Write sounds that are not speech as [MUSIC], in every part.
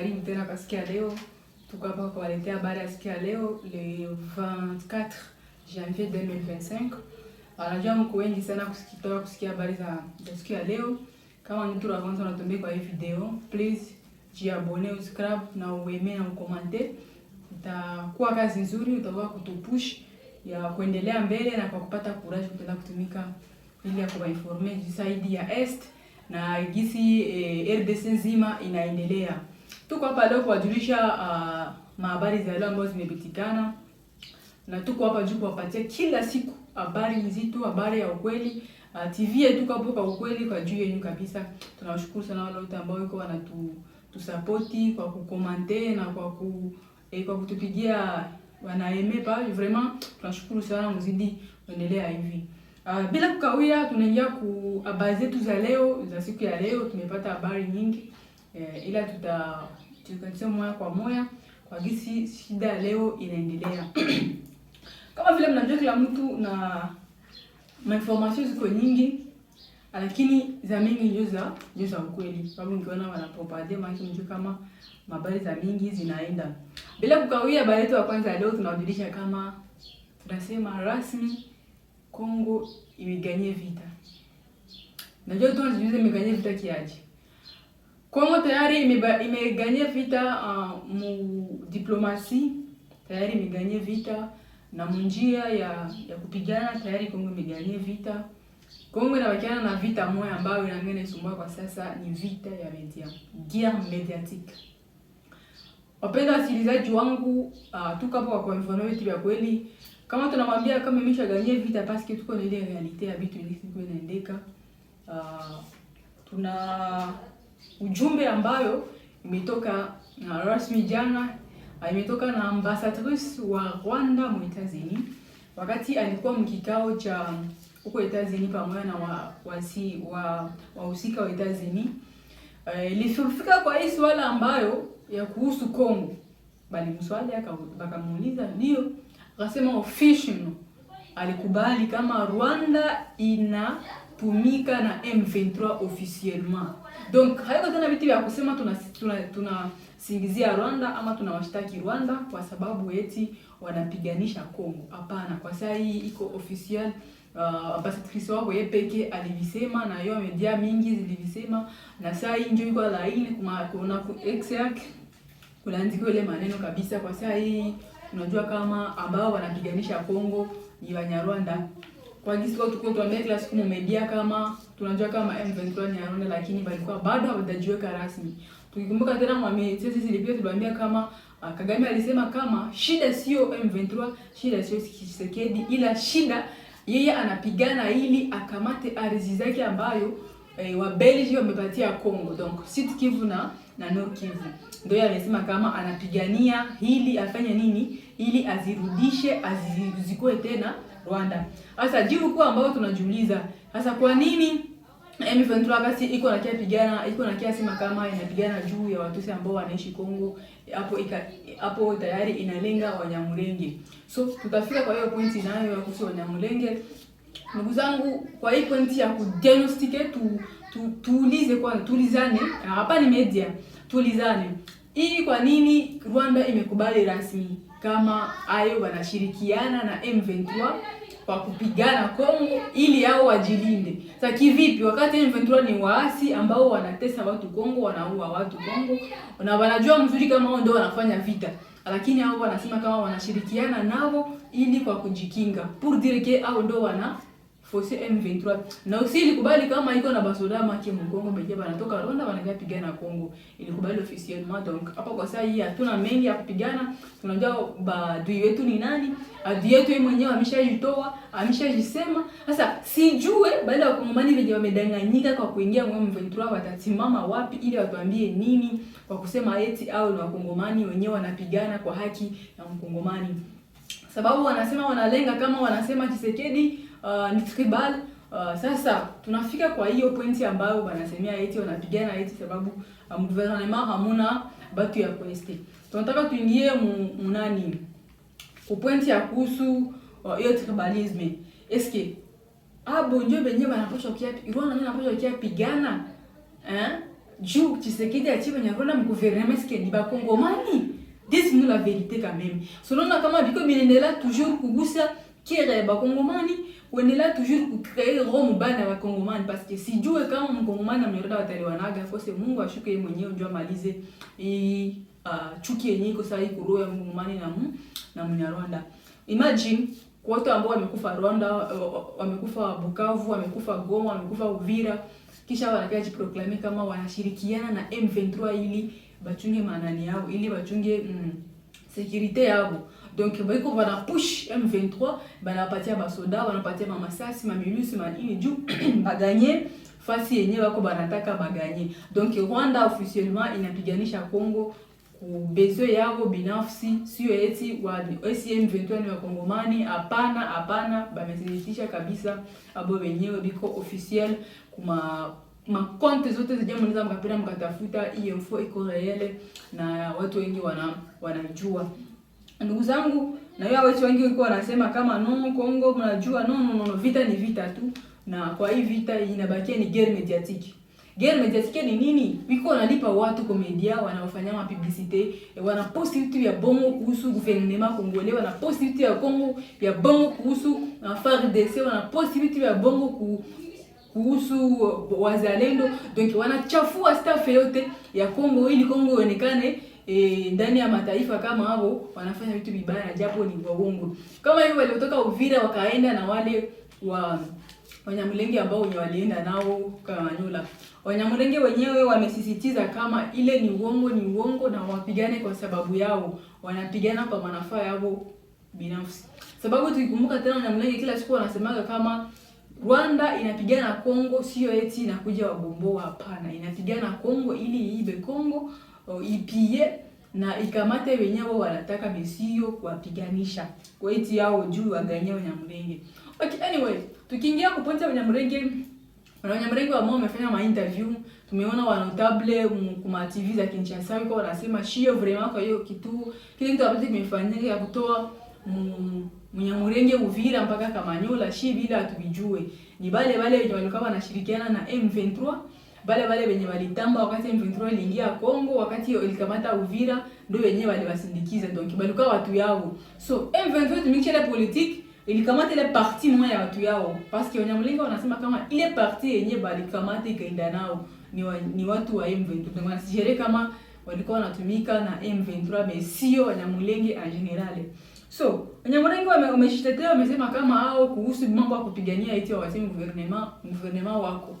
Karim tena akasikia leo tuko hapa kwa waletea habari asikia leo le 24 janvier 2025. Wanajua mko wengi sana kusikitoa kusikia habari za za siku ya leo. Kama ni mtu wa kwanza unatembea kwa hii video, please jiabone, subscribe na uweme na ukomante. Itakuwa kazi nzuri, utakuwa kutupush ya kuendelea mbele na kwa kupata courage kutenda kutumika ili ya kuwainforme zaidi ya Est na gisi eh, RDC nzima inaendelea. Tuko hapa leo kuwajulisha uh, mahabari za leo ambazo zimepitikana, na tuko hapa juu kuwapatia kila siku habari nzito, habari ya ukweli. Uh, ah, TV yetu kapo kwa ukweli kwa juu yenu kabisa. Tunawashukuru sana wale wote ambao wako wanatu tusapoti kwa kukomante na kwa ku eh, kwa kutupigia wanaeme pa vraiment tunashukuru sana, mzidi kuendelea hivi. Uh, bila kukawia tunaingia ku habari zetu za leo za siku ya leo. Tumepata habari nyingi eh, ila tuta tulikupatia moya kwa moya kwa gisi shida leo inaendelea. [CLEARS THROAT] Kama vile mnajua, kila mtu na mainformation ziko nyingi, lakini za mingi ndio za ndio za ukweli, sababu nkiona wanapropaganda maki mtu kama mabari za mingi zinaenda bila kukawia. Habari yetu ya kwanza leo tunawajulisha kama tunasema rasmi Kongo imeganye vita. Najua tu tunajiuliza imeganye vita kiaje? Kongo tayari imeganye vita uh, mu diplomasi tayari imeganyia vita na munjia ya ya kupigana tayari Kongo imeganyia vita. Kongo inawakiana na vita moja ambayo inangene sumbua kwa sasa ni vita ya media, guerre mediatique. Wapenda wasikilizaji wangu, uh, tukapo kwa mfano wetu ya kweli kama tunamwambia kama imesha ganyia vita basi tuko na ile realite ya vitu ile inaendeka uh, tuna ujumbe ambayo imetoka na rasmi jana, imetoka na ambassadrice wa Rwanda mu wakati alikuwa mkikao cha huko Etazini pamoja na wahusika wa, wa, wa, wa Etazini eh, ilifika e, kwa hii swala ambayo ya kuhusu Kongo, bali mswali akamuuliza ndio akasema official alikubali kama Rwanda ina kutumika na M23 officiellement. Donc hayo tena vitu vya kusema tunasingizia tuna, tuna Rwanda ama tunawashtaki Rwanda kwa sababu eti wanapiganisha Kongo. Hapana, kwa saa hii iko official Uh, ambassadrisi wako yeye pekee alivisema na hiyo media mingi zilivisema, na saa hii ndio iko laini kuma kuna ku exact kunaanzika ile maneno kabisa. Kwa saa hii tunajua kama ambao wanapiganisha Kongo ni Wanyarwanda kwa gisi kwa tukua tuwa mekla siku mumedia kama tunajua kama M23 ni Rwanda, lakini balikuwa bado hawajajiweka rasmi. Tukikumbuka tena mwami sisi zilipia tuliambia kama uh, Kagame alisema kama shida sio M23, shida sio Tshisekedi, ila shida yeye anapigana ili akamate ardhi zake ambayo eh, wa Belgium wamepatia kongo donc Sud Kivu na na Nord Kivu. Ndio yeye amesema kama anapigania hili afanye nini ili azirudishe azizikoe tena Rwanda. Sasa jibu kwa ambao tunajiuliza sasa, kwa nini M23 basi iko na kia pigana iko na kia sima kama inapigana juu ya watusi ambao wanaishi Kongo hapo hapo tayari inalenga Wanyamulenge. So tutafika kwa hiyo pointi nayo ya kuhusu Wanyamulenge. Ndugu zangu, kwa hii pointi ya kudiagnosticate tu, tu, tuulize kwa tuulizane hapa ni media tulizane, hii kwa nini Rwanda imekubali rasmi kama ayo wanashirikiana na M23 kwa kupigana Kongo ili yao wajilinde. Sasa kivipi, wakati M23 ni waasi ambao wanatesa watu Kongo, wanaua watu Kongo na wanajua mzuri kama wao ndio wanafanya vita, lakini hao wanasema kama wanashirikiana nao ili kwa kujikinga pour dire que hao ndio wana fosse M23 na usi ilikubali kama iko na basoda maki Mkongo pekee banatoka Rwanda wanaenda pigana Kongo, ilikubali officiellement Donc hapa kwa sasa hii hatuna mengi ya kupigana, tunajua badui wetu ni nani, adui yetu yeye mwenyewe ameshajitoa, ameshajisema. Sasa sijue baada ya kungomani vile wamedanganyika kwa kuingia M23 watasimama wapi ili watuambie nini kwa kusema eti au ni wakongomani wenyewe wanapigana kwa haki ya mkongomani, sababu wanasema wanalenga kama wanasema Tshisekedi uh, ni tribal uh, sasa tunafika kwa hiyo pointi ambayo banasemea eti wanapigana eti sababu uh, gouvernement hamuna batu ya kweste. Tunataka tuingie munani upointi ya kuhusu hiyo uh, tribalisme eske abo ah, ndio benye banapasha kia Rwanda ndio banapasha kia pigana eh juu Tshisekedi achiba nyarwanda mgouvernement eske ni bakongomani Dis-nous la vérité quand même. Selon la kama biko binaendelea toujours kugusa kera ya bakongomani là toujours kucreer roho mbaya na Wakongomani, parce que sijue kama mkongomani amerudi wataliwanaga kose, Mungu ashuke yeye mwenyewe ndio amalize hii uh, chuki yenyewe iko sasa ikuroa mkongomani na mu, na Rwanda Imagine watu ambao wamekufa Rwanda, wamekufa Bukavu, wamekufa Goma, wamekufa Uvira, kisha wanakaa jiproklame kama wanashirikiana na M23 ili bachunge maanani yao, ili bachunge mm, security yao donc voyez baiko bana push M23 à à ma ma banapatia basoda banapatia mamasasi mamilusi manini juu baganye fasi yenye wako banataka baganye. Donc Rwanda officiellement inapiganisha Kongo kubezo yao binafsi, sio eti wa M23 ni Wakongomani. Hapana, hapana, bamesitisha kabisa abo wenyewe biko officiel kuma makonte zote zenye mnaweza mkapenda mkatafuta, hiyo info iko reele na watu wengi wana wanajua Ndugu zangu, na hiyo wetu wengi walikuwa wanasema kama nono Kongo, mnajua nono nono, vita ni vita tu, na kwa hii vita inabakia ni guerre mediatique. Guerre mediatique ni nini? Wiko wanalipa watu komedia, wanaofanya ma publicité, eh, wanaposti vitu ya bongo kuhusu gouvernement congolais, wanaposti vitu ya Kongo ya bongo kuhusu na FARDC, wanaposti vitu ya bongo ku kuhusu eh, wazalendo, donc wanachafua staff yote ya Kongo ili Kongo ionekane e, ndani ya mataifa kama hao wanafanya vitu vibaya japo ni waongo. Kama hiyo waliotoka Uvira wakaenda na wale wa Wanyamulenge ambao wenye walienda nao Kamanyola. Wanyamulenge wenyewe wamesisitiza kama ile ni uongo, ni uongo na wapigane kwa sababu yao, wanapigana kwa manufaa yao binafsi, sababu tukikumbuka tena Wanyamulenge kila siku wanasemaga kama Rwanda inapigana Kongo, sio eti inakuja wagomboa, hapana. Inapigana Kongo ili iibe Kongo, ipie na ikamate wenyewe wanataka besio kuwapiganisha kwa eti yao juu waganya Wanyamulenge. Okay, anyway, tukiingia kuponza Wanyamulenge, Wanyamulenge wao wamefanya ma interview, tumeona wanotable kwa TV za Kinshasa wiko wanasema shio vraiment, kwa hiyo kitu kile kitu ambacho kimefanyika kutoa mm, Munyamurenge, Uvira mpaka Kamanyola shi bila atubijue. ni bale bale wenye walikuwa wanashirikiana na M23, bale bale wenye walitamba wakati M23 iliingia Kongo, wakati ilikamata Uvira, ndio wenyewe waliwasindikiza, donc balikuwa watu yao. So M23 tumikisha la politique ilikamata ile parti moja ya watu yao, parce que Wanyamulenge wanasema kama ile parti yenye balikamata ikaenda nao ni, wa, ni watu wa M23, wanasijere kama walikuwa wanatumika na M23, mais sio Wanyamulenge en general. So, Wanyamwera wengi wamejitetea wamesema kama hao kuhusu mambo ya kupigania eti wawatimu gouvernement gouvernement wako.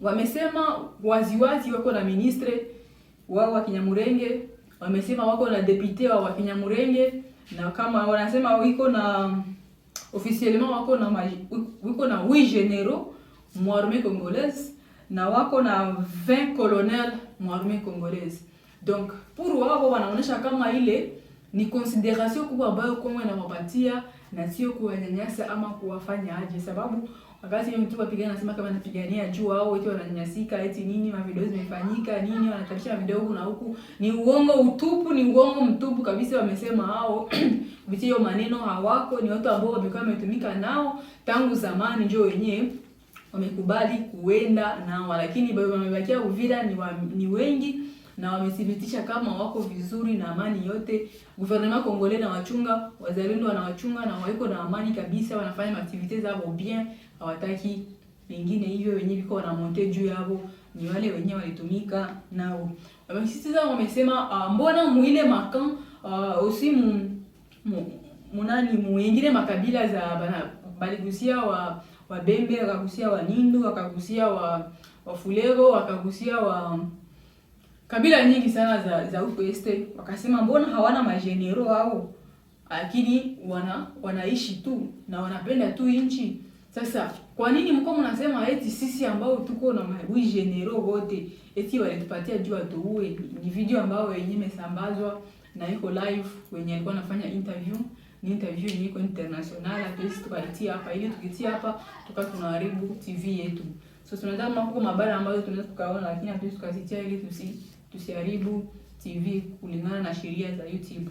Wamesema waziwazi wako na ministre wao wa Kinyamurenge, wamesema wako na depute wa Kinyamurenge na kama wanasema wiko na officiellement wako na maj, wiko na wi generaux mwarme congolaise na wako na 20 colonel mwarme congolaise. Donc, pour wao wanaonesha kama ile ni consideration kubwa ambayo Kongo inawapatia na sio kuwanyanyasa ama kuwafanya aje, sababu wakati hiyo mtu apigana anasema kama anapigania juu au eti wananyanyasika eti nini, ma video zimefanyika nini, wanatapisha video huku na huku, ni uongo utupu, ni uongo mtupu kabisa. Wamesema hao vitio [CLEARS THROAT] maneno hawako, ni watu ambao wamekuwa wametumika nao tangu zamani, njoo wenyewe wamekubali kuenda nao, lakini bado wamebakia Uvira ni, wa, ni wengi na wamethibitisha kama wako vizuri na amani yote. Gouvernement Kongole na wachunga wazalendo wanawachunga na waiko na amani kabisa, wanafanya activities zao bien, hawataki mengine hivyo. Wenye viko monte juu yao ni wale wenye walitumika nao. Wamesisitiza, wamesema uh, mbona muile makan uh, ah, usi mu, mu, munani muingine makabila za bana baligusia wa Wabembe, wakagusia Nindu, wakagusia wa Wafulero, wakagusia wa kabila nyingi sana za za huko este wakasema mbona hawana majenero hao, lakini wana wanaishi tu na wanapenda tu nchi. Sasa kwa nini mko mnasema eti sisi ambao tuko na mawi jenero wote eti walitupatia jua tuue? Ni video ambayo yenyewe imesambazwa na iko live, wenye alikuwa anafanya interview ni interview ni iko international, hatuwezi tukaitia hapa, ili tukitia hapa tuka tunaharibu TV yetu. So tunataka mambo mabara ambayo tunaweza tukaona, lakini hatuwezi tukazitia ili tusi tusiharibu TV kulingana na sheria za YouTube.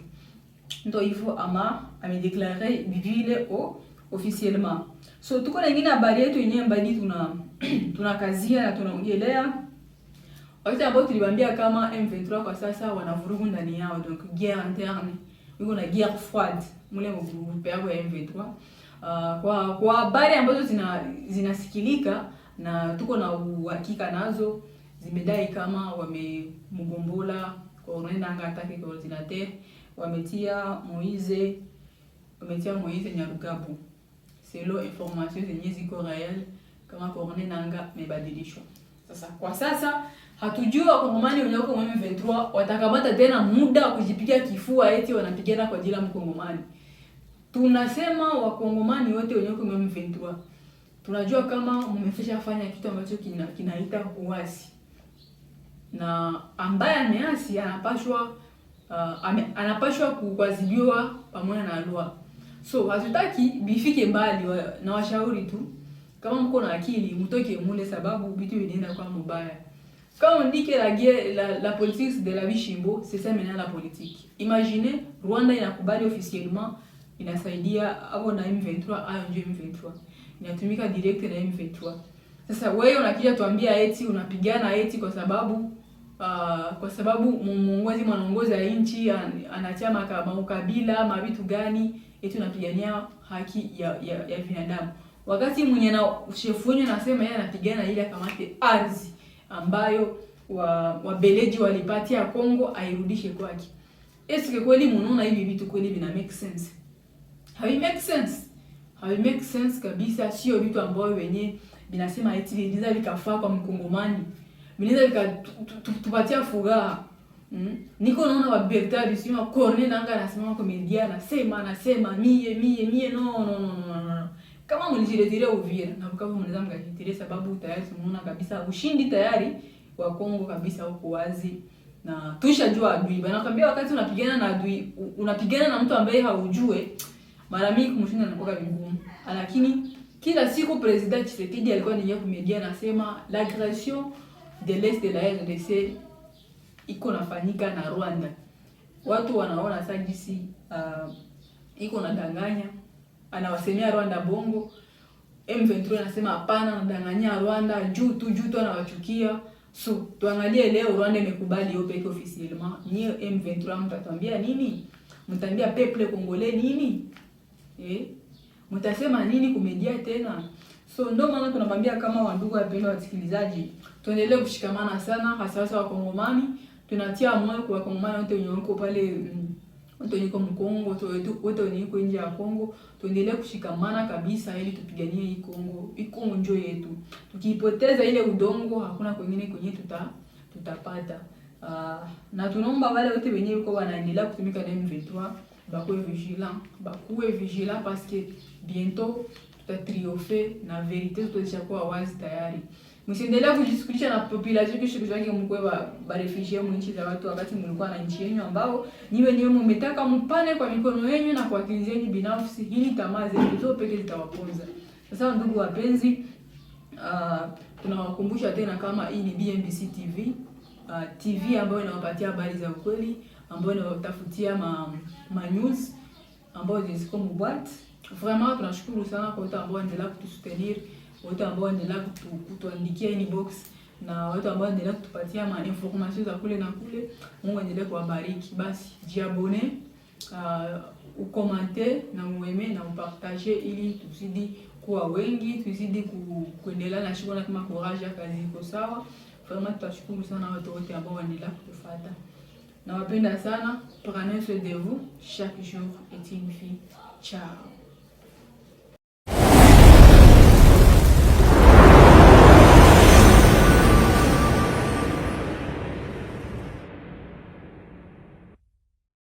Ndio hivyo ama amedeklare vile o officiellement. So tuko na ingine habari yetu yenyewe mbadi tuna [CLEARS THROAT] tunakazia na tunaongelea wakati ambao tulibambia kama M23 kwa sasa wanavurugu ndani yao, donc guerre interne, iko na guerre froide mule mgrupe yao ya M23. Uh, kwa kwa habari ambazo zina zinasikilika na tuko na uhakika nazo zimedai kama wamemgombola kwa unaendanga atake kwa ordinateur, wametia Moise wametia Moise Nyarugabo selo information zenye ziko real kama korne nanga mebadilishwa. Sasa kwa sasa hatujua wakongomani wenye wako mwemi 23 watakamata tena muda wa kujipiga kifua eti wanapigana kwa jila mkongomani. Tunasema wakongomani wote wenye wako M23 tunajua kama mmefisha fanya kitu ambacho kinaita kina uasi na ambaye ameasi anapashwa uh, ame, anapashwa kuadhibiwa pamoja na lwa. So hatutaki bifike mbali wa, na washauri tu, kama mko na akili mtoke mule, sababu vitu vinaenda kwa mubaya. Quand on la guerre la, la politique de la Bishimbo c'est ça maintenant la politique. Imaginez Rwanda inakubali officiellement inasaidia hapo na M23 ayo ndio M23. Inatumika direct na M23. Sasa wewe unakuja tuambia eti unapigana eti kwa sababu uh, kwa sababu muongozi mwanaongozi wa nchi an, anachama kama ukabila ama gani eti unapigania haki ya ya, ya binadamu, wakati mwenye na shefu wenye anasema yeye anapigana ili akamate ardhi ambayo wa wabeleji walipatia Kongo airudishe kwake. Eske eh, kweli munaona hivi vitu kweli vina make sense? it make sense, it make sense kabisa. Sio vitu ambavyo wenye binasema eti vinaweza vikafaa kwa mkongomani vinaweza vikatupatia furaha mm. Niko naona wabektari sima korne nanga anasimama komedia anasema anasema mie mie mie no no no no no kama mlijirejelea Uvira na kama mnaweza mkajirejelea, sababu tayari tumeona kabisa ushindi tayari wa Kongo kabisa huko wazi na tushajua adui bana. Nakwambia wakati unapigana na adui, unapigana na mtu ambaye haujue, mara mingi kumshinda anakuwa vigumu, lakini kila siku President Tshisekedi alikuwa ninyo kumedia anasema l'agression de l'est de la RDC iko nafanyika na Rwanda. Watu wanaona sasa jinsi uh, ah, iko nadanganya, anawasemea Rwanda bongo. M23 anasema hapana, anadanganya Rwanda juu tu juu tu anawachukia. So tuangalie leo Rwanda imekubali hiyo peke officiellement. Nyie M23 mtatuambia nini? Mtaambia peuple congolais nini? Eh? Mtasema nini kumedia tena? So ndio maana tunamwambia kama wandugu wapendwa wasikilizaji, tuendelee kushikamana sana, hasa hasa Wakongomani. Tunatia moyo kwa Wakongomani wote wenye wako pale, mm, wote wenye Mkongo, wote wenye iko nje ya Kongo, tuendelee kushikamana kabisa, ili tupiganie hii Kongo. Hii Kongo njo yetu, tukiipoteza ile udongo, hakuna kwengine kwenye tuta tutapata. Uh, na tunaomba wale wote wenye uko wanaendelea kutumika na M23 bakuwe vigilant, bakuwe vigilant parce que bientôt tutatriofe na verite tutaisha kuwa wazi tayari msiendelea kujishughulisha na population kisho kisho yake mko ba, ba refugee mu nchi za watu wakati mlikuwa na nchi yenu ambao nyiwe nyewe mmetaka mpane kwa mikono yenu na kwa akili zenu binafsi ili tamaa zenu zote pekee zitawaponza. Sasa ndugu wapenzi, uh, tunawakumbusha tena kama hii ni BNBC TV, uh, ah, TV ambayo inawapatia habari za ukweli, ambayo inawatafutia ma, ma news ambayo zisikomu bwat. Vraiment tunashukuru sana kwa wote ambao wanaendelea kutusutenir wote ambao wanaendelea kutuandikia inbox na watu ambao wanaendelea kutupatia ma information za kule na kule. Mungu aendelee kuwabariki. Basi jiabone, uh, ukomante na mueme na upartage, ili tuzidi kuwa wengi, tuzidi ku, kuendelea na shughuli kama courage ya kazi iko sawa. Vraiment tutashukuru sana watu wote ambao wanaendelea kutufuata. Nawapenda sana. Prenez soin de vous. Chaque jour est une vie. Ciao.